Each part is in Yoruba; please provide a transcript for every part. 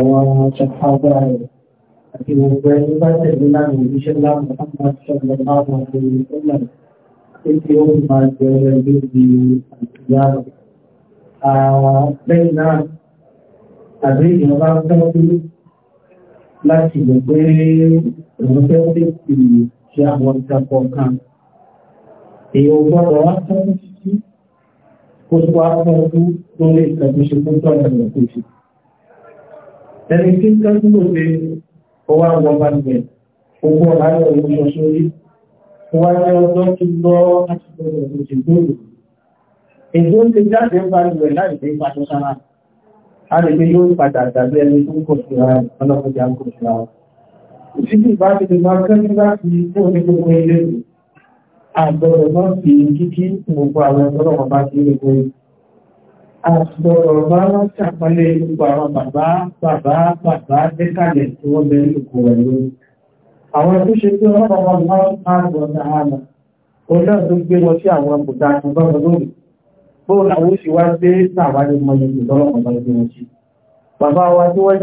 àwọn ṣàkàdá rẹ̀ àti gbogbo ẹni bá tẹ̀lé láàrin òjíṣẹ́ láàrin àpapọ̀ láàrin àpẹẹrẹ ọ̀nà tí tí ó máa jẹ ọ̀rẹ́ lórí àtìyáàrọ̀. lẹ́yìn náà àbí èèyàn bá fẹ́ bí láti lè pé òun fẹ́ bí kì í ṣe àwọn ìtàkọ̀ kan. èèyàn gbọ́dọ̀ wá tán sí kó tó wá tán sí lórí ìtàkùn ṣe fún tọ́lá ìrọ̀kùn ṣe ẹni tí ká túnbò pé ó wá wọ bá gbẹ̀ owó ayọ̀ ìwọ̀n sórí wá ní ọjọ́ tó lọ láti gbọ́dọ̀ tó ti gbòòrò èdè ó ti jáde ń parí rẹ̀ láì dé pàtó sára a lè gbé yóò padà tàbí ẹni tó ń kò sí ra rẹ̀ ọlọ́pọ̀jà ń kò sí ra rẹ̀ ìsìnkú bá ti máa kẹ́lú láti fún ní gbogbo ilé àgbọ̀rọ̀ náà fi kíkí gbogbo àwọn ọlọ́pàá bá ti rí gbogbo àgbọ̀rọ̀ bá wọ́n ṣàpọ́lé gbogbo àwọn bàbá bàbá bàbá dékàlẹ̀ tí wọ́n bẹ̀rẹ̀ lòkò rẹ̀ lórí. Àwọn tó ṣe pé wọ́n bọ̀ wọ́n máa gbọ́ sàánà, ó náà tó gbé lọ sí àwọn ọkùnrin àti bọ́ọ̀ lórí. Bóò làwọn sì wá gbé sàwá ní mọ ibi lọ́lọ́pàá bá gbé wọn sí. Bàbá wa tí wọ́n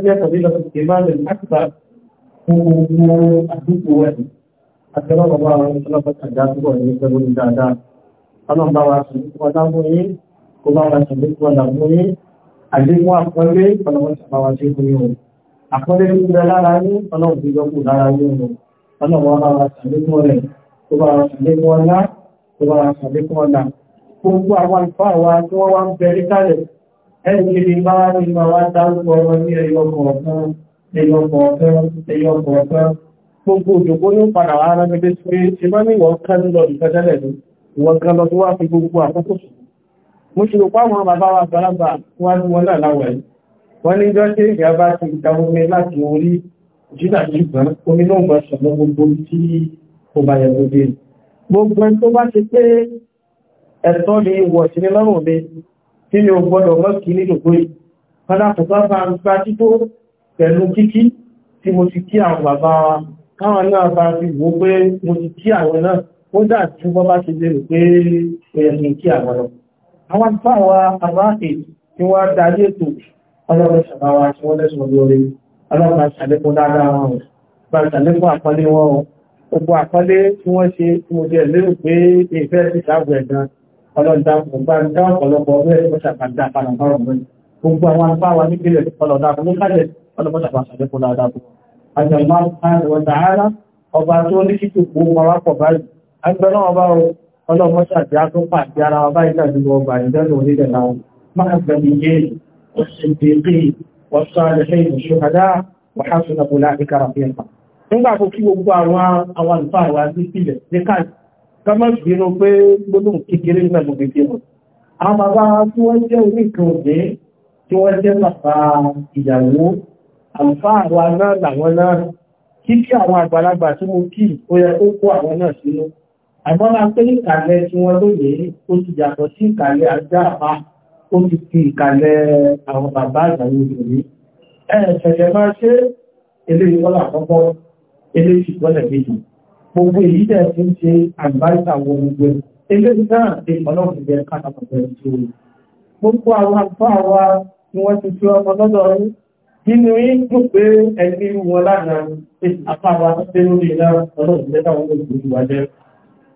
jẹ́ kó bá wa ṣàlékún ọ̀nà fún yín àdékún àpọ́nlé ọlọ́wọ́ ṣàbáwá sí fún yín o àpọ́nlé tó ń bẹ ku, yín ọlọ́wọ́ ti yọkù lára yín o ọlọ́wọ́ bá wa ṣàlékún rẹ̀ kó bá wa ṣàlékún ọ̀nà kó bá wa ṣàlékún ọ̀nà gbogbo àwọn ìfọ́ àwa tí wọ́n wá ń bẹ̀rẹ̀ kálẹ̀ ẹni kiri bá wá ní ìgbà wá dárúkọ ọmọ ní ẹyọ kọ̀ọ̀kan ẹyọ kọ̀ọ̀kan ẹyọ kọ̀ọ̀kan gbogbo òjòkó ní padà wá rẹ̀ pé ṣe bá ní ìwọ̀n kan lọ ìfẹ́tẹ́lẹ̀ ní ìwọ̀n kan lọ tó wá fi gbogbo àkókò sùn mo ṣe rò bàbá wa gbàlagbà wọ́n ní wọ́n náà láwẹ̀ wọ́n ní jọ ṣe ìyá bá ti gba omi láti orí jídà ṣùgbọ́n omi náà gbà ṣọ̀nà gbogbo tí ó bá yẹ gbogbo gbogbo ẹni tó bá ṣe pé ẹ̀tọ́ ni wọ̀ sí ní lọ́rùn mi tí mi ò gbọ́dọ̀ mọ́kì ní gbogbo yìí padà kò bá bá ń káwọn náà bá fi wò pé mo ti kí àwọn náà ó dà tí wọ́n bá ṣe lérò pé ó kí àwọn náà àwọn táwà àbáàkì tí wọ́n dájú ètò ọlọ́rọ̀ ṣàbáwà tí wọ́n lẹ́sùn lórí ọlọ́rọ̀ ṣàlékún dáadáa wọn bá ṣàlékún àpọ́lé wọn gbogbo àpọ́lé tí wọ́n ṣe tí mo jẹ́ lérò pé ìfẹ́ sí ìṣàbù ẹ̀gan ọlọ́dá ọba tó ní kíkò gbogbo ọwá pọ̀ báyìí agbẹ́lọ́wọ́ bá o ọlọ́mọ ṣàjá tó pàdé ara wa báyìí tàbíwọ ọgbà ìdẹ́lù orílẹ̀ náà máa gbẹ̀mí yé òṣèdèkè wọ́sọ́lẹ̀ṣẹ́ ìṣòkàdá wàhásùn àbúlá ìkàrà fẹ́ pa. nígbà tó kí gbogbo àwọn àwọn àlùfáà wa ní ìpìlẹ̀ ní káàkiri kọ́mọ̀ bínú pé gbóná kékeré náà ló gbèdé wọn. àwọn bàbá tí wọ́n jẹ́ oníkan òde tí wọ́n jẹ́ bàbá ìyàwó àlùfáà wa àìmọ́ máa pé ìkàlẹ̀ tí wọ́n lóye ó ti yàtọ̀ sí ìkàlẹ̀ ajáàpá ó ti fi ìkàlẹ̀ àwọn bàbá ìgbàlẹ̀ òbí ẹ̀ẹ̀ṣẹ̀ṣẹ̀ máa ṣe ilé ìwọ́lá àkọ́kọ́ ilé ìṣìgbọ́lẹ̀ méjì gbogbo èyí dẹ̀ ti ń ṣe àgbáríta wọ gbogbo ilé náà ti ọlọ́run jẹ kátàkùnjẹ tó gbogbo àwọn àgbà wa ni wọ́n ti fi ọmọ lọ́dọ̀ nínú yíò pé ẹgbẹ́ wọn lára apá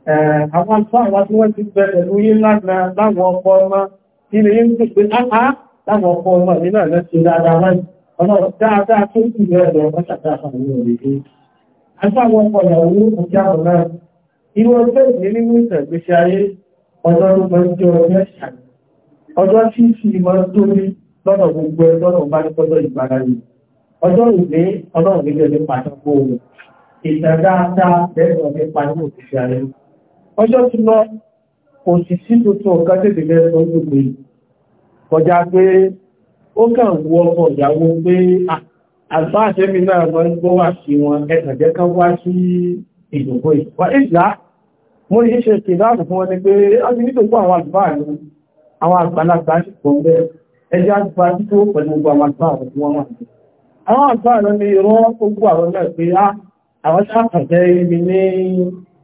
Eh, àwọn àtúwà tí wọ́n ti bẹ̀rẹ̀ lórí láwọn ọkọ̀ ọmọ ilẹ̀ yìí ń tó pé ápá láwọn ọkọ̀ ọmọ nínú ẹ̀lẹ́ ti dáadáa wọ́n ọ̀nà dáadáa tó kù lẹ́ẹ̀dọ̀ ọ̀pọ̀ ṣàtàkà ní òrèlé àtúwà ọkọ̀ ìyàwó òkè àwọn náà irú ọjọ́ ìdí nínú ìtẹ̀gbésí ayé ọjọ́ ló mọ́ jẹ́ ọjọ́ ẹ̀ṣà ọjọ́ tí ti mọ́ tó ní lọ́nà gbogbo ẹjọ́nà bá ní pọ́jọ́ ìgbàra yìí ọjọ́ ìdí ọlọ́run nílẹ̀ ní pàtàkó ìtẹ̀dáadáa lẹ́gbọ̀n ní pàtàkó òṣìṣẹ́ ayé ọjọ́ tí lọ kò sì sí tuntun ọ̀ká tètè lẹ́sọ gbogbo kọjá pé ó kàn wọ ọmọ ìyàwó pé àgbáṣẹ́mi náà wọ́n gbọ́ wá sí wọn ẹ̀sàjẹ́ kan wá sí ìdòkó ìwà ìlà mo ní ṣe ṣe láàrùn fún wọn ni pé ọdún nítòkú àwọn àgbà ní àwọn àgbàlagbà sì pọ̀ bẹ́ ẹjẹ́ àgbà tí ó pẹ̀lú gbogbo àwọn àgbà àwọn tí wọ́n wà ní àwọn àgbà lọ ni rán gbogbo àwọn náà pé àwọn sáàkàtẹ́ ibi ní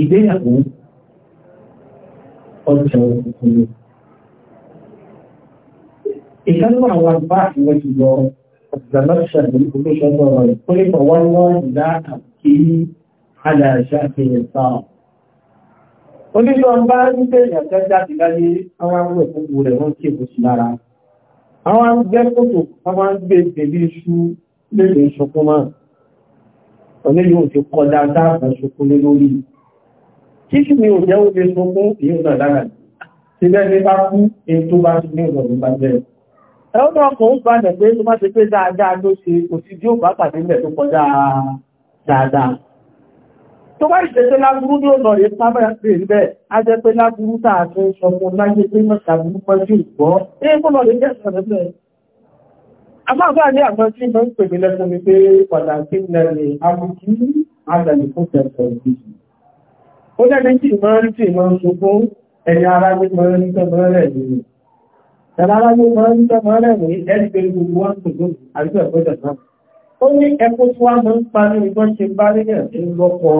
ìgbéyàwó ọjọ́ òkúrò. Ìkánúwà wa bá ìwọ̀n ti lọ observation ní olóṣọ́ lọ́rọ̀ ìpínlẹ̀ wọ́n wọ́n láàkà kí aláṣà fi ẹ̀sà. Oníṣọ́ bá ń bẹ̀rẹ̀ ọ̀tẹ́jà ti láyé àwọn àwọn ẹ̀kúnkú rẹ̀ wọ́n kí èkó sí lára. Àwọn gbẹ́ kòtò, àwọn gbé bèbí iṣu lè lè ṣokúnmọ́. Oníṣọ́ ti kọjá dáàbò ṣokúnlé lórí kí sì ni òjẹ́ ó lè sọ fún ìyóò náà dára ti lẹ́ni bá kú in tó bá ti ní ọ̀dọ̀ bá jẹ́ ẹ̀rọ ọkọ̀ ó balẹ̀ pé tó má ti pé dáadáa ló ṣe kò sí bí ó bá pàdé ilẹ̀ tó kọjá dáadáa tó bá ìṣẹ́ṣẹ́ lágbúrú ní ọ̀nà rẹ̀ sábẹ́ pé ìbẹ́ a jẹ́ pé lágbúrú tàà tó ń sọ fún láyé pé mọ́ta burú pẹ́jú ìgbọ́ èé kó lọ lè jẹ́ sọ̀rọ̀ bẹ́ẹ̀ afáfáà ní àwọn tí mọ́ ń pè mí lẹ́fún mi pé pàtàkì lẹ́rìn amúkí alẹ́lẹ́kùn tẹ̀sọ̀ ìgbìyànjú ó jẹ́ méjì mọ́rin tí mọ́ ṣùgbọ́n ẹ̀yà ara ní mọ́rin tó mọ́rẹ̀ nìyí ẹ̀yà ara ní mọ́rin tó mọ́rẹ̀ nìyí ẹni pé gbogbo wọn ṣùgbọ́n àríkọ̀ ẹ̀kọ́jọ̀ náà ó ní ẹkú tí wọ́n mọ́ ń pa ní ìbọn ṣe bá rí ẹ̀ ń lọ́pọ̀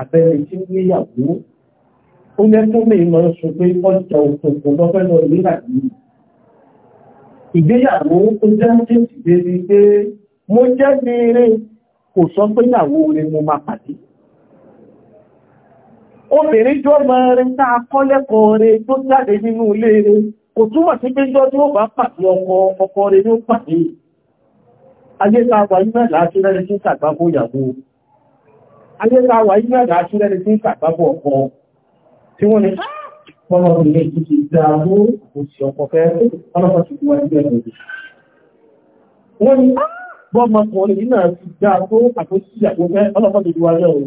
abẹ́rẹ́ tí ó níyàwó ó lẹ́kú lè mọ́ sọ pé ọjà òkùnkùn lọ́fẹ́ lọ nígbà yìí ìgbéyàwó ó jẹ́ méjì débi pé mo jẹ́ mi rí kò sọ pé ìyàwó rẹ̀ mo máa pàdé obìnrin jọ mọ́ rẹ̀ tá a kọ́ lẹ́kọ̀ọ́ rẹ̀ tó jáde nínú ilé rẹ̀ kò túmọ̀ sí pé jọ tí ó bá pàdé ọkọ ọkọ rẹ̀ ló pàdé ayétawà ìmẹ́lá aṣírẹ́ni tí ń sàgbàbọ̀ ìyàwó ayétawà ìmẹ́lá aṣírẹ́ni tí ń sàgbàbọ̀ ọkọ tí wọ́n ni pọ́nọ̀rọ̀ ilé títí dáadó òsì ọkọ̀ fẹ́ ọlọ́pàá ti wọ́n ẹgbẹ́ rẹ̀ wọ́n ni bọ́mọkùnrin náà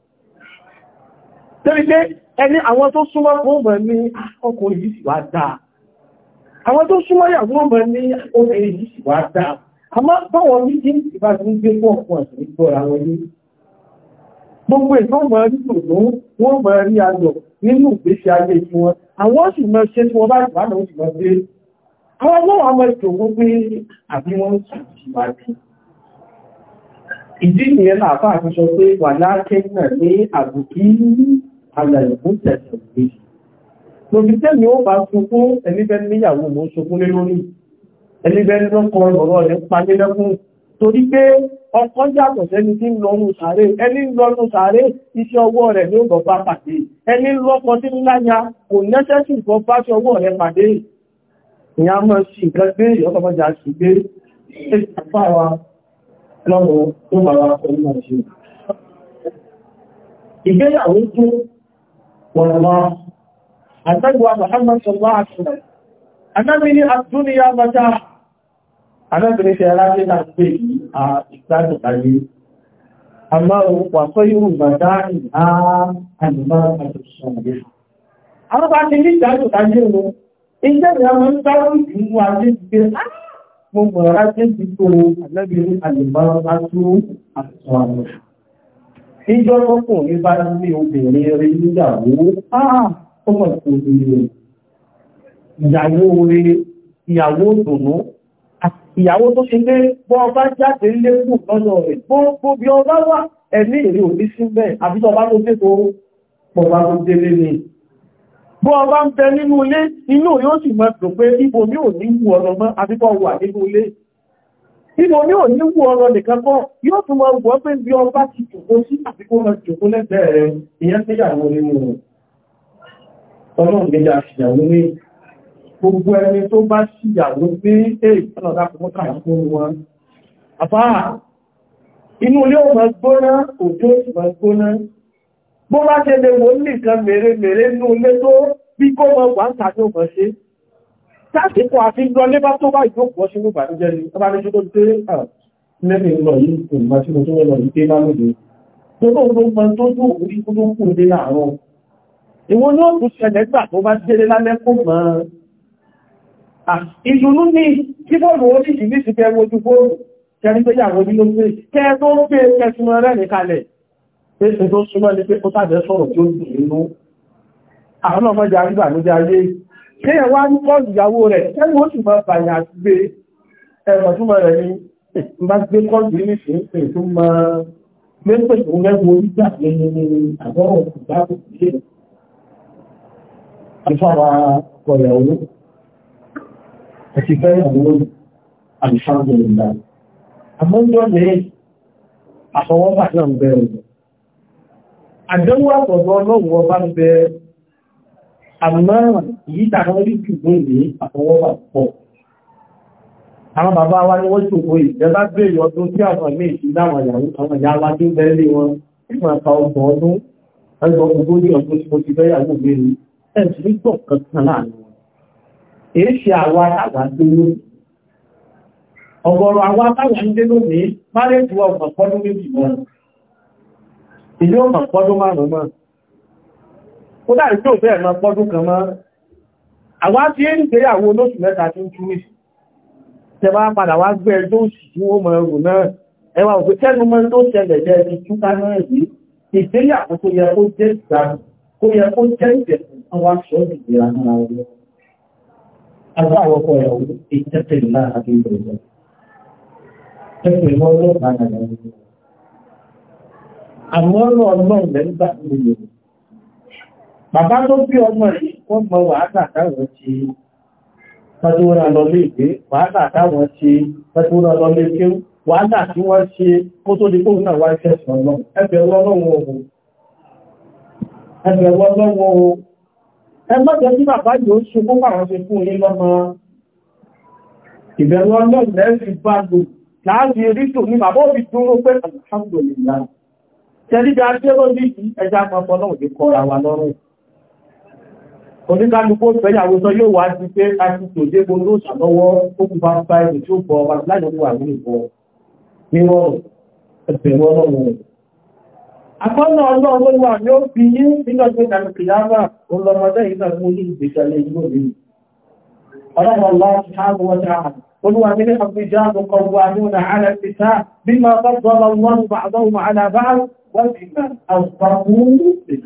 torí pé ẹni àwọn tó súnmọ́ wọ́n mọ̀ ní ah, ọkùnrin yìí sì wá dáa àwọn tó súnmọ́ ìyàwó mọ̀ ní obìnrin yìí sì wá dáa àmọ́ báwọn ní kí ìbá ti ń gbé pọ̀ pọ̀ sí gbọ́ra wọn ní gbogbo ìtọ́ mọ̀ rí tòló wọ́n mọ̀ rí ayọ̀ nínú ìgbésí ayé tí wọn àwọn sì mọ̀ ṣe tí wọ́n bá ìgbà náà sì mọ̀ pé àwọn ọmọ àmọ́ ìṣòro pé àbí wọ́n ṣàtìwájú ìdí ìyẹn làbá àti sọ pé wà lákẹ́ náà ní àbùkí alàìkúntẹ̀sẹ̀ òfin lóbi tẹ́mi ó bá sunkún ẹnibẹ́ níyàwó mọ́ sunkún lé lórí ẹnibẹ́ lọ́kọ ọ̀rọ̀ rẹ̀ parí lẹ́kún torí pé ọkọ yàtọ̀ sẹ́ni tí ń lọ́nu sàárè ẹni lọ́nu sàárè iṣẹ́ ọwọ́ rẹ̀ ní ọgbọ̀ bá pàdé ẹni lọ́kọ tí ńláya kò nẹ́sẹ̀sì ìfọ́ bá ṣe ọwọ́ rẹ̀ pàdé ìyá mọ́ sí nǹkan gbé ìyọ́kọ̀mọ́jà sí gbé ìpàwà lọ́wọ́ tó bàwà ọmọ ìṣẹ́ ìgbéyàwó tún والله النبوة محمد صلى الله عليه وسلم النبي الدنيا متاع النبي في علاقة تنبيه إكتاب القليل أما وخير متاعها المرأة الصالحة أربعة سنين تعالوا تعجبوا إذا لم تروا الواجب بالأمر ممرأة تنبيه النبي المرأة الصالحة Ìjọ́ lọ́pùn ní bá ní obìnrin rí níyàwó, ah, ah, ó mọ̀ ìpòdìrò. Ìyàwó rí, ìyàwó dùnú, ìyàwó tó ṣe pé bọ́ ọba jáde lé kù rẹ̀, gbogbo bí ọba wà ẹ̀mí ìrí òbí sí bẹ́ẹ̀, àbí ọba tó dé tó pọ̀bá tó délé ni. Bọ́ ọba ń bẹ nínú ilé, inú yóò sì mọ́ pé ibo ní ò wù ọ̀nà mọ́, àbíkọ́ wà nínú ilé. Nínú ní ò ní wú ọ̀rọ̀ nìkan kọ́, yóò tún wọ́n wọ́n pé bí ọba ti jòkó sí àfikún lọ jòkó lẹ́gbẹ̀ẹ́ rẹ̀, ìyẹn tí yàwó nínú rẹ̀. Ọlọ́run ní ya ṣìyàwó ní gbogbo ẹni tó bá ṣìyàwó pé èyí ọlọ́dá kò mọ́ta fún wọn. Àfá, inú ilé ò máa gbóná, òjò ò máa gbóná. Bó bá ṣe lè tásìkò àti lọ lébá tó bá ìjókòó ṣe lóbà ní jẹ́rí ọba ní ṣúgbọ́n tí à mẹ́rin lọ yìí kò má tí mo tó lọ ìdé lálódé tó tó ló mọ tó tó orí kó tó kù dé láàárọ̀ ìwọ ní òkú ṣẹlẹ̀ gbà tó bá délé lálẹ́ kó mọ́ ìdùnnú ní kí bọ́ọ̀lù oríṣìí ní ti kẹwọ́ ojú bóòlù kẹrí pé yàwó ní ló kẹ tó ń pè kẹsùmọ́ rẹ̀ ní pé ṣe tó súnmọ́ ní pé kó sáàbẹ̀ sọ̀rọ̀ tí ó dùn nínú àwọn ọmọdé arígbà ló jẹ́ ayé kéyàn wá ní kọ́ ìyàwó rẹ̀ tẹ́lú ó sì máa bàyà gbé ẹ̀rọ̀ túnmọ̀ rẹ̀ ní bá gbé kọ́ọ̀dù ní ṣe tó máa mẹ́pẹ̀ tó mẹ́wọ́ nígbà nínú àgọ́rọ̀ ìgbàgbọ́ sílé àfáwà kọ̀yàwó àti fẹ́yàwó àìsàndùnlá àmọ́jọ́ lè àfọwọ́bà náà bẹ̀rẹ̀ àdánwò àtọ̀dọ̀ ọlọ́wọ́ bá ń bẹ̀rẹ̀ àmọ́ yìí tàbí rí ṣùgbọ́n ìwé àtọwọ́wà pọ̀. àwọn bàbá wa ni wọ́n ṣòfò ìjẹba bèèrè ọdún tí àwọn ilé ìṣìdáwọn ìyàwó àwọn ìyá wa tí ó bẹ́ẹ̀lé wọn nígbà ta ọgbọ̀n ọdún ẹgbọ̀n ogójì ọdún tí mo ti bẹ́ yàwó mi ni ẹ̀ sì ní gbọ̀ kankan láàrin wọn. èé ṣe àwa táwa dé lónìí ọgọ́rọ̀ àwa táwa ń dé lónìí má lè tu ọgbọ̀n pọ́dún méjì mọ́ ìlú ọgbọ̀n pọ́dún márùn-ún kó dáà tí ó bẹ́ẹ̀ mọ́ pọ́dún kan mọ́ àwọn tí ń gbé àwọn olóṣù mẹ́ta tí ń tú ní tẹbá padà wá gbé ẹjọ́ òṣì tí wọ́n mọ̀ ẹrù náà ẹwà òkú tẹ́nu mọ́ tó ṣẹlẹ̀ jẹ́ ti túká náà sí ìgbéyàwó tó yẹ kó jẹ́ ìgbàmù kó yẹ kó jẹ́ ìgbẹ̀sùn àwọn aṣọ́ ìgbéra náà rẹ̀ aláwọ̀ ọkọ̀ ẹ̀wọ̀ ìtẹ́tẹ̀ ńlá àti ìbẹ̀rẹ̀ tẹ́tẹ̀ mọ́ ọlọ́pàá náà rẹ̀ àmọ́ ọlọ́ọ̀lọ́ bàbá tó bí ọmọ rẹ̀ wọ́n mọ wàhálà ti pẹ́túrà lọ lé ìgbé ti pẹ́túrà lọ lé kéwú wàhálà ìbẹ̀rù ọlọ́run lẹ́sìn bá lò láàrin erítò ní bàbá òbí dúró pé alhamdulillah tẹ́lí bí a ṣe lọ́dí ẹja pọ̀pọ̀ náà ò oníkálukú fẹ́yàwó sọ yóò wá sí pé a ti tò dé gbogbo ṣàlọ́wọ́ ó kú bá bá ẹ̀rù tí ó bọ̀ ọba láyé wà ní ìbọ̀ níwọ̀ ẹ̀bẹ̀rù ọlọ́run akọ́nà ọlọ́run ló wà ní ó fi yí nínú ọjọ́ ìdàmì kìláàbà olọmọdé yìí náà mú ní ìgbésẹ̀lẹ̀ ìlú mi ọlọ́run ọlọ́run ṣáàbù wọn ṣáà olúwa ní ní àbújáàbù kọlu àmúnà ààrẹ fìtá bí máa bọ́ bọ́ lọ́wọ́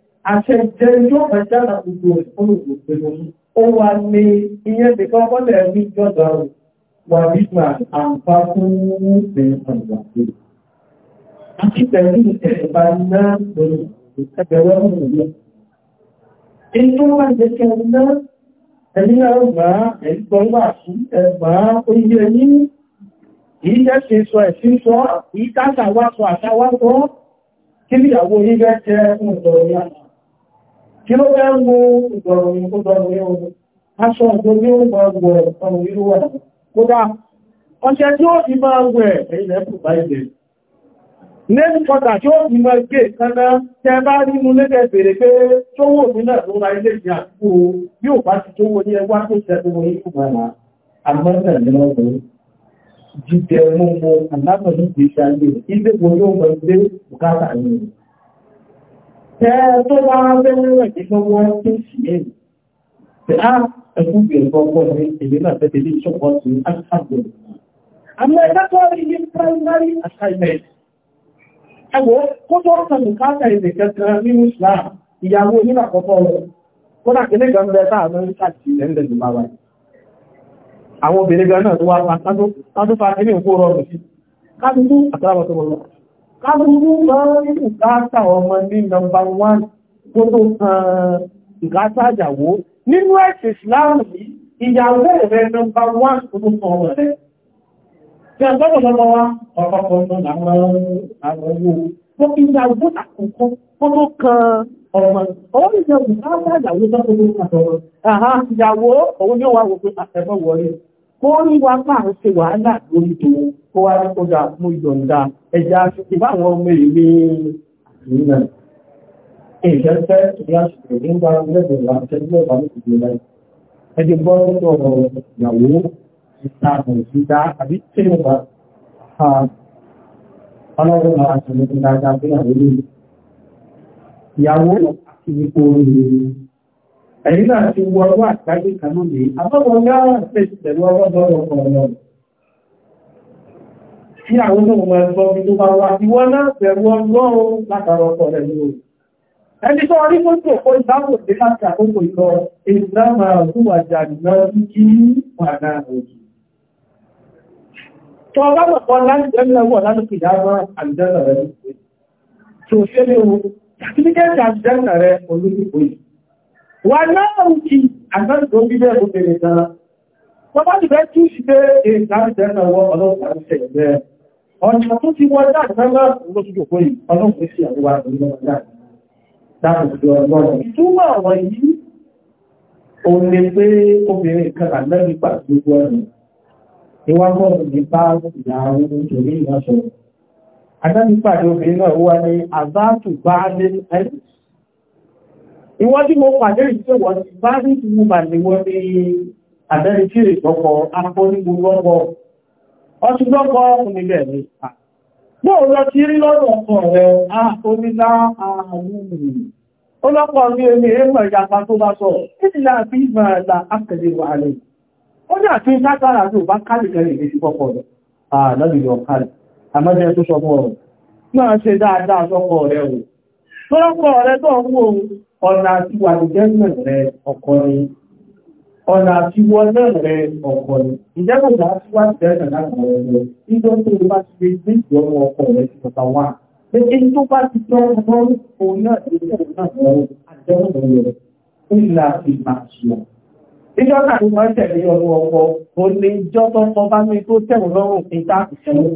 àṣẹjẹ yóò máa jára gbogbo ìfúnnùgbò pẹ̀lú ó wà ní ìyẹn tí kọ́ bọ́lẹ̀ rí jọ́dá rò wà nígbà àǹfà fún ìpẹ̀ àgbàgbé àti pẹ̀lú ẹ̀bà náà pẹ̀lú ẹgbẹ̀rẹ̀ ọmọdé in tó wà jẹ́ kí ẹni náà ẹni náà gbà ẹ̀gbọ́n wà sí ẹgbà oúnjẹ ní ìjẹ́ ṣe sọ ẹ̀sìn sọ ìtàṣà wá kí ló bá ń mú ìgbọ̀rùn ìgbọ̀rùn ní ohun aṣọ ọ̀gbọ̀n ní ohun ọgbọ̀rùn ọmọ ìlú wà kódà ọṣẹ tí ó ti máa wẹ̀ ilẹ̀ pùpá ilẹ̀ lẹ́nu kọta tí ó ti máa gé kaná tẹ bá nínú lẹ́gẹ̀ bèèrè pé tó wò ní náà ló ra ilé ìyá kú yóò bá ti tó wò ní ẹwà tó tẹ́tọ́ wọn ikú mọ́ra àmọ́sẹ̀lẹ́lọ́gbọ̀n jíjẹ mú mú àlámọ̀ ní ìgbésí ilé wo yóò mọ̀ ilé bùkátà yìí tó bá bẹ́rẹ̀ ní lọ́wọ́ tó sì ẹ̀rù pẹ̀ á ẹ̀kún bèèrè ọgbọ́n ní èdè náà tẹ́tẹ́ ní ṣọ́pọ̀ sí àṣàgbọ̀n àmì ẹ̀dẹ́kọ́ rí ní primary assignment ẹgbọ́ kó tó kàlù káàkà ìrìn kẹta ní ìṣlá ìyàwó nínú àkọ́kọ́ rẹ̀ kó náà kìlẹ̀ gan bẹ́ẹ̀ táà lọ́rí káàkì lẹ́ndẹ̀ ló máa wáyé àwọn obìnrin gan náà tó wá pa tádó fa kíní òkú rọrùn sí káàkì tó àtàràwọ̀ tó rọrùn kábùkú máa ń ìkátà ọmọ ní nọmbà wán tó tó nínú ẹ̀sìn Islam yìí ìyàwó rẹ̀ nọmbà wán tó tó kan ọmọ rẹ̀ tí a gbọ́dọ̀ lọ́wọ́ wá ọ̀pọ̀pọ̀ àwọn owó tó kí ìyàwó àkọ́kọ́ tó tó kan ọmọ òun ìyàwó ìkátà àjàwó tó tó kan ọmọ ìyàwó òun yóò wá kó wa máa ṣe wàhálà lórí tó kó wá ní mú ìyọ̀ǹda ẹja ṣe bá àwọn ọmọ ìwé ìrìnà ìṣẹ́fẹ́ ìyáṣẹ́ ìgbà lẹ́gbẹ̀ẹ́ ìlànà ìgbẹ̀ẹ́ ìbámu ìgbẹ̀ẹ́ láì ẹjẹ́ bọ́ lọ́dọ̀ ìyàwó ìtàkùn ìdá àbí tí ó bá ọlọ́run máa ṣe ní ìdájá bí àwọn ìyàwó àti ipò ìrìnà ẹ̀yìn náà ti wọ ọwọ́ àtàgbé kanáà lè àbọ́bọ̀ gáwà tẹ́sì pẹ̀lú ọwọ́ bọ́rọ̀ ọ̀rọ̀ tí àwọn tó mọ̀ ẹ̀sọ́ bí tó bá wà tí wọ́n náà pẹ̀lú ọlọ́run látara ọkọ̀ rẹ̀ ní òun ẹni tó rí fún tó kó ìdáwò dé láti àkókò ìkọ ìdámà òkúwà jàdùnà kí wà náà òjì tó bá mọ̀ kan láti jẹ́mìnàwó lálùkì dámà àjẹ́nà rẹ̀ tó wà láàrùn kí àgbàjò bíbẹ̀ tó bèèrè dára wọ́n bá ti bẹ́ tún sí pé ìdájẹ́sẹ̀wọ́ ọlọ́pàá ti ṣẹ̀gbẹ́ ọ̀nà tó ti wọ́n dáadáa lọ́sùjò pé ọlọ́pàá sí àríwá ìrìnlọ́dá dáàbùsù ọlọ́run ìtumọ̀ ọ̀rọ̀ yìí o lè pé obìnrin kan àlẹ́rí pàtàkì gbogbo ọ̀rọ̀ ìwágbọ́rùn ní bá ìyàwó nítorí ìrìnàṣọ́ adánípàdé obìnrin náà wá ní àbátù bá lé ẹ̀sì ìwọ́n tí mo pàdé ìṣẹ́ wọ́n ti bá ní ti mú bà ní wọ́n ní àdárí tí rè tọ́kọ̀ akọ́ ní gbogbo ọkọ̀ ọtí lọ́kọ̀ ọkùnrinlẹ̀ ní bóò lọ tí rí lọ́rọ̀ ọkọ̀ rẹ̀ onílá ààrùn ọlọ́pọ̀ ní omi ẹgbẹ̀ ìyapa tó bá sọ ìdílá bí ìmọ̀ẹ̀lá akẹ̀lẹ̀ wà rẹ̀ ó ní àti sátara tó bá kálì kẹrì ìgbésí pọ̀pọ̀ rẹ̀ ààlọ́bìnrin ọ̀kálì àmọ́jẹ́ tó sọ fún ọ̀rọ̀ náà ṣe dáadáa sọ́kọ̀ rẹ̀ wò Tọ́lọ́pọ̀ rẹ̀ tó ń wo ọ̀nà àti wà ní jẹ́mọ̀ rẹ̀ ọkọ̀ ni, ọ̀nà àti wọlé rẹ̀ ọkọ̀ ni. Ìjẹ́bùdá tí wá ti rẹ̀ láàrín ọ̀rẹ́ nígbọ́n tó bá ti gbé gbé ìjọ́mọ̀ ọkọ̀ rẹ̀ ti pọ̀ta wà. Pé kí tó bá ti tọ́ ọmọ òun náà ti tẹ̀lé náà lọ́wọ́ àjẹ́mọ̀ rẹ̀ ó ìlà ìgbà ṣíọ̀. Ìjọ́ tàbí máa ń tẹ̀lé ọmọ ọkọ̀ òun ni ìjọ́ tó tọ́ bá ní tó tẹ̀wọ̀n lọ́rùn ìta ìṣẹ́lẹ̀.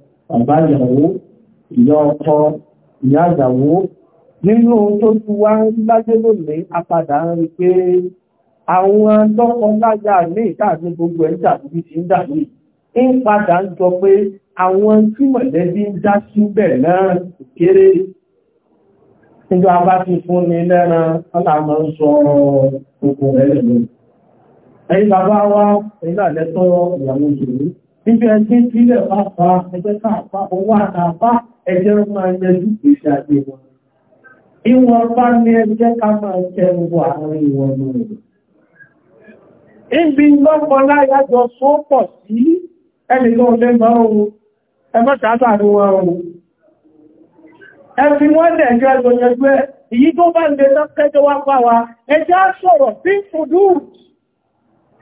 bàbá ìyàwó ìyá ọkọ ìyá ìyàwó nínú tó tún wá ń láyé lónìí apadà ń rí pé àwọn lọ́kọláya ní ìtàbí gbogbo ẹ̀dà bí ti ń dàbí ń padà ń jọ pé àwọn tí mọ̀lẹ́bí ń dá síbẹ̀ náà kéré nígbà abá ti fún ni lẹ́ran ọlàmọ́ ń sọ gbogbo níbi ẹgbẹ́ ìpínlẹ̀ bá bá ẹgbẹ́ káàpá owó àtàpá ẹjẹ́ máa yẹjú ìṣẹ́ àti wọn ìwọ̀n bá ní ẹgbẹ́ ká máa jẹ gbogbo àwọn ìwọ̀n rẹ̀ ìgbì lọ́pọ̀ láyájọ sópọ̀ sí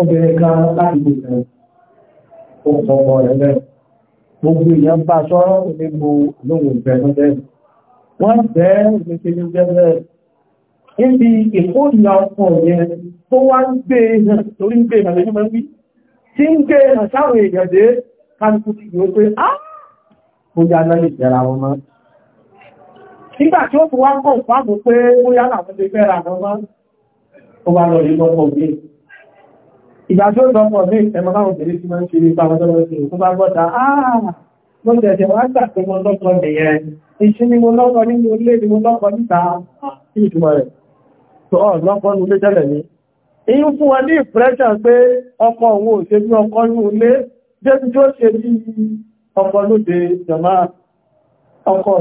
obìnrin kan láti gbogbo ọ̀pọ̀ ọmọ rẹ̀ rẹ̀ gbogbo èèyàn bá sọ́rọ̀ onígbò lóhùn ìbẹ̀rún wọ́n bẹ́ ìgbésẹ̀ ní níbi ìkóòlà ọkọ̀ yẹn tó wá ń gbé e torí ń gbé ìrìnàlẹ́ ní mẹ́rin tí ń gbé ìrìnàṣáwò e èèyàn dé ti yóò pé á bóyá náà lè jẹ́ra wọn mọ́ nígbà tí ó fi wá kọ̀ fáàmù pé bóyá làwọn lè fẹ́ra wọn mọ́ ó bá lọ rí ìgbà tí ó sọ pọ̀ ní ẹmọ láwọn òṣèré tí máa ń ṣe nípa àwọn ọmọdé tó bá gbọ́ta ààrùn ah, mo tẹ̀sẹ̀ wá gbàgbé mo lọ́kọ nìyẹn iṣẹ́ ni mo lọ́kọ nínú ilé ni mo lọ́kọ níta sí ah, ìtumọ̀ rẹ̀ tó ọ̀ lọ́kọ nílé tẹ́lẹ̀ ni èyí fún wọn ní ìpẹ́ṣà pé ọkọ òun ò ṣe bí ọkọ ní ilé débi tó ṣe bí ọkọ lóde jọmá ọkọ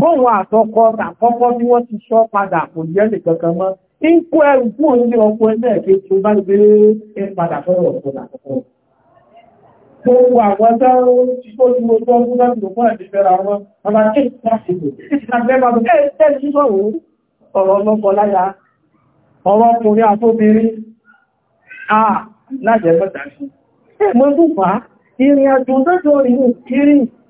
bóhun àtọ́kọ́ tàkọ́kọ́ tí wọ́n ti sọ padà kò jẹ́ lè kankan mọ́ ń kó ẹrù fún òun ní ọkọ̀ ẹlẹ́ẹ̀kẹ́ tó bá gbé ẹ padà sọ́rọ̀ ọ̀pọ̀ àkọ́kọ́ gbogbo àwọn tọ́rọ tí ó ti wọ́n tọ́rọ fún láti lòpọ̀ ẹ̀dẹ̀ fẹ́ra wọn ọba kéèkì láti lò ìrìn àjò tó jọ ìrìn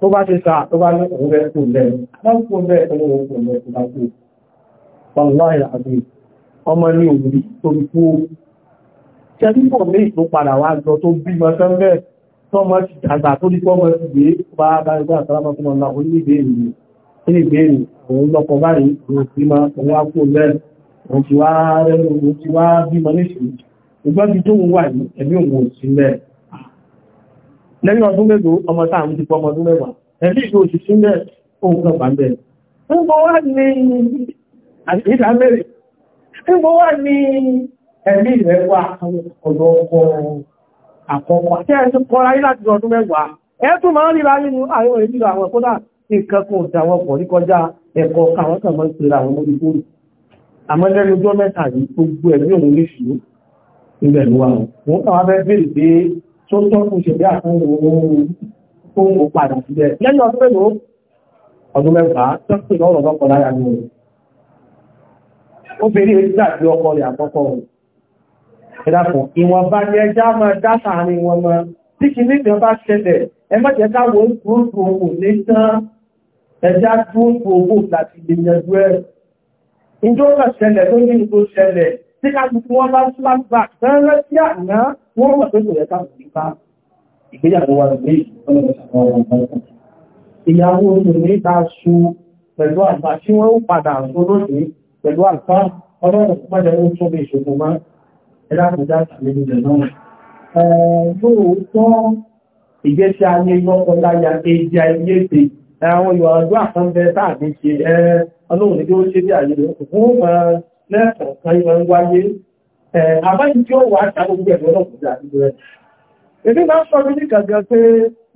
tó bá ṣe sá tó bá ní òun rẹ̀ kò lẹ́ wọ́n kò lẹ́ ọmọ òun kò lẹ́ tó bá kú wàláhì àbí ọmọ ní òwúrí tó bí kú ṣe bí pọ̀ mí tó padà wá jọ tó bí mọ́sán bẹ́ẹ̀ tọ́mọ ti dàgbà tó ní pọ́mọ ti gbé bá lẹ́yìn ọdún mẹ́gbò ọmọ táàmù ti pọ̀ ọdún mẹ́wàá ẹ̀lú ìgbò òṣìṣí mẹ́ òǹkan kan òdà wọn pọ̀ níkọjá ẹ̀kọ́ káwọn kan máa ń pèrè àwọn mórí kúrò àmọ́ lẹ́nu ọjọ́ mẹ́ta yìí gbogbo ẹ̀mí òun ní ṣùgbọ́n ìgbẹ̀lú tó tọ́kùn ṣẹ̀dá àtúnwò ohun ó padà ìwọ̀nba ni ẹjá máa dá sáàrin wọn mọ́ tí kì ní ìjọ bá ṣẹlẹ̀ ẹ má jẹ́ káwọ́ gbogbo òun ní tán ẹjá gbogbo òun láti lè yanjú ẹ̀ ìjọ náà tó ní ìjọ ṣẹlẹ̀ tí ká wọ́n wà tó tẹ̀lẹ̀ káàkiri nípa ìgbéyàwó wa lè ìyàwó obìnrin ta ṣu pẹ̀lú àgbà tí wọ́n ó padà ṣo lóṣèé pẹ̀lú àgbà ọlọ́run pẹ́lẹ̀ ó tún bí ìṣòkò máa ẹlákùnjá tàbí ìjẹ̀ náà lóòótọ́ ìgbésí ayé lọ́kọ̀láyà èjì ayéte àwọn ìwà ọjọ́ àkọ́bẹ tàbí ṣe ọlọ́run ní bí àbáyé tí ó wà àtàrí ogun ẹ̀rọ ọlọ́pùdà àdúgbò rẹ̀. Èdè máa sọ ní kàgbà pé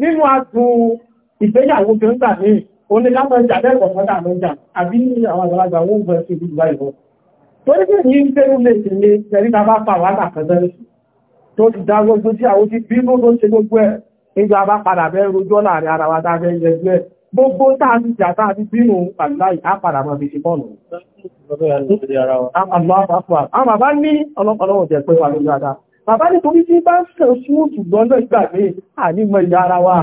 nínú adùn ìgbéyàwó tó ń gbà ní onílámọ́jà lẹ́kọ̀ọ́ mọ́ta àmọ́jà àbí àwọn àgbàlagbà wọ́n bọ̀ sí ìlú ìgbà ìbọn. Torí pé ní ìgbérú lè sì ní ẹ̀rí ta bá pa wàhálà kan tó ti dá gbogbo tí àwọn ti bí gbogbo ṣe gbogbo ẹ̀ nígbà bá padà bẹ́ rojọ́ láàrin ara wa tá a fẹ́ yẹgbẹ́ gbogbo táà ti jà táà ti bínú àláì àpàdà máa fi ṣe bọ́ọ̀lù. Bàbá ní ọlọ́pọ̀lọ́wọ̀ jẹ́ pé wà ló dáadáa. Bàbá ní torí tí bá sàn súnmùtù gbọ́nà ìgbàgbé ànímọ̀ ìyá ara wa.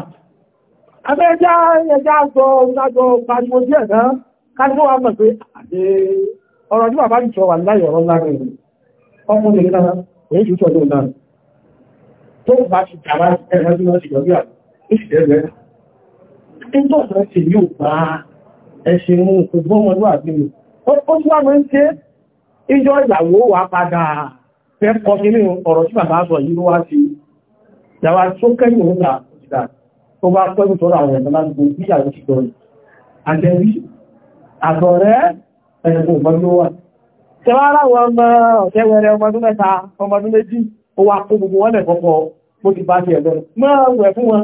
Abẹ́já ẹjá sọ ọ̀gájọ pariwo díẹ̀ náà, ká ní ìjọba ti yóò bá ẹ̀ṣìn mú kò gbọ́mọlú àgbìmù ó tí wá mọ́ ń ṣe ìjọ ìyàwó wà padà fẹ́ kọ́ sí nínú ọ̀rọ̀ tí bàbá sọ yìí wá sí ìyàwó tó kẹ́yìn òun là ìgbà tó bá pẹ́lú tọ́rọ àwọn ẹ̀sán láti gbogbo ìyàwó ti dọ̀rọ̀ àjẹ́bí àtọ̀rẹ́ ẹ̀rẹ̀kùn ìbọ́jú wà tẹwàrá wọn ọmọ ọ̀tẹ́ wẹrẹ ọmọdún mẹ́ta ọmọdún méjì ó wá wọn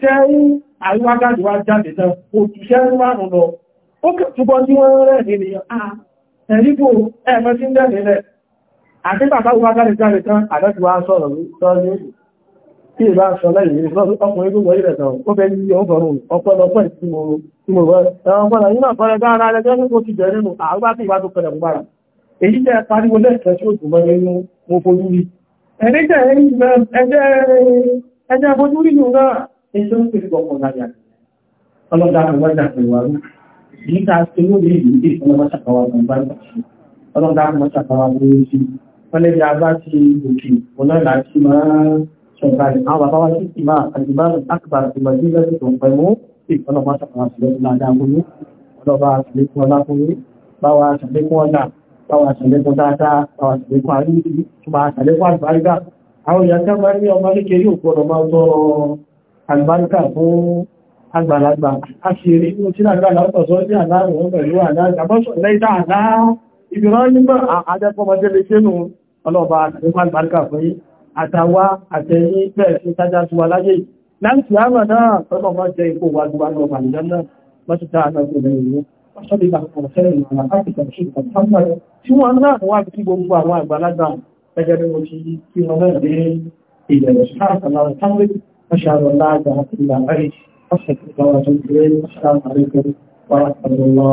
tẹ́rí àríwágájúwá jáde tán òtúṣẹ́ márùn lọ ó túbọ̀ tí wọ́n rẹ̀ nìyàn àà ẹ̀rígbò ẹ̀mọ́ sí dẹ̀nilẹ̀ àti bàbá wágájúwá jáde tán àdájúwá sọ̀rọ̀ lórí tí ìbá sọ lẹ́yìn ọkùnrin tó wọ́n ìrẹ̀sàn ó bẹ́ yí ọgọ́rùn ọpọlọpọ̀ ìsinmòrò ẹ̀wọ̀n pọ̀lọ̀ yínà pọ̀lẹ̀ dára lẹ́jọ́ ní kò ti bẹ̀rẹ̀ nù àrúgbá tí ìbá tó pẹ̀lẹ̀ gbára èyí ẹjẹ́ fojú Ẹjọ́ ń pèsè ọkọ̀ láyà. Ọlọ́dà àwọn wájà pẹ̀lú wa rú. Ní ká ṣe ló lè yìí dé ọlọ́wọ́ ṣàkàwà fún bá ń pàṣẹ. Ọlọ́dà àwọn wájà pàwà fún orí sí. Wọ́n lè dá bá ti òkè ọ̀nà láti máa ṣọ̀gbà rẹ̀. Àwọn bàbá wa sì ti máa àjùbá àkùbà ìgbà tí ó ti tó ń pẹ̀mú. Ìfọ̀nà wájà pàwà fún ọlọ́dà àwọn ọlọ́ba àgbáríkà fún àgbàlagbà aṣèrè inú tí àgbàlá ọ̀tọ̀sọ́ ní àláàrùn wọn pẹ̀lú àgbàbọ́sọ̀ lẹ́ta àlá ìbìrán nígbà àjẹ́kọ́mọdé lè ṣe nù ọlọ́ọ̀bá àtàkùn àgbàríkà fún yí àtàwà àtẹ̀yí bẹ́ẹ̀ sí tájá tí wà láyé láti àmà náà tọ́lọ̀ máa jẹ ipò wà gbogbo àjọ́nà mọ́sítà àtàkùn lẹ́yìn Ọ̀ṣọ́bí ìgbàkùn ọ̀fẹ́ ìrìnà láti ṣe ìpàtàkùn tí wọ́n náà wà bí gbogbo àwọn àgbàlagbà ẹgbẹ̀rẹ̀ mo ti kí wọ́n náà dé ìdẹ̀rẹ̀ ṣáàtàlá ọ̀tánwé أشهد أن لا إله إلا أنت أستغفرك وأتوب إليك السلام عليكم ورحمة الله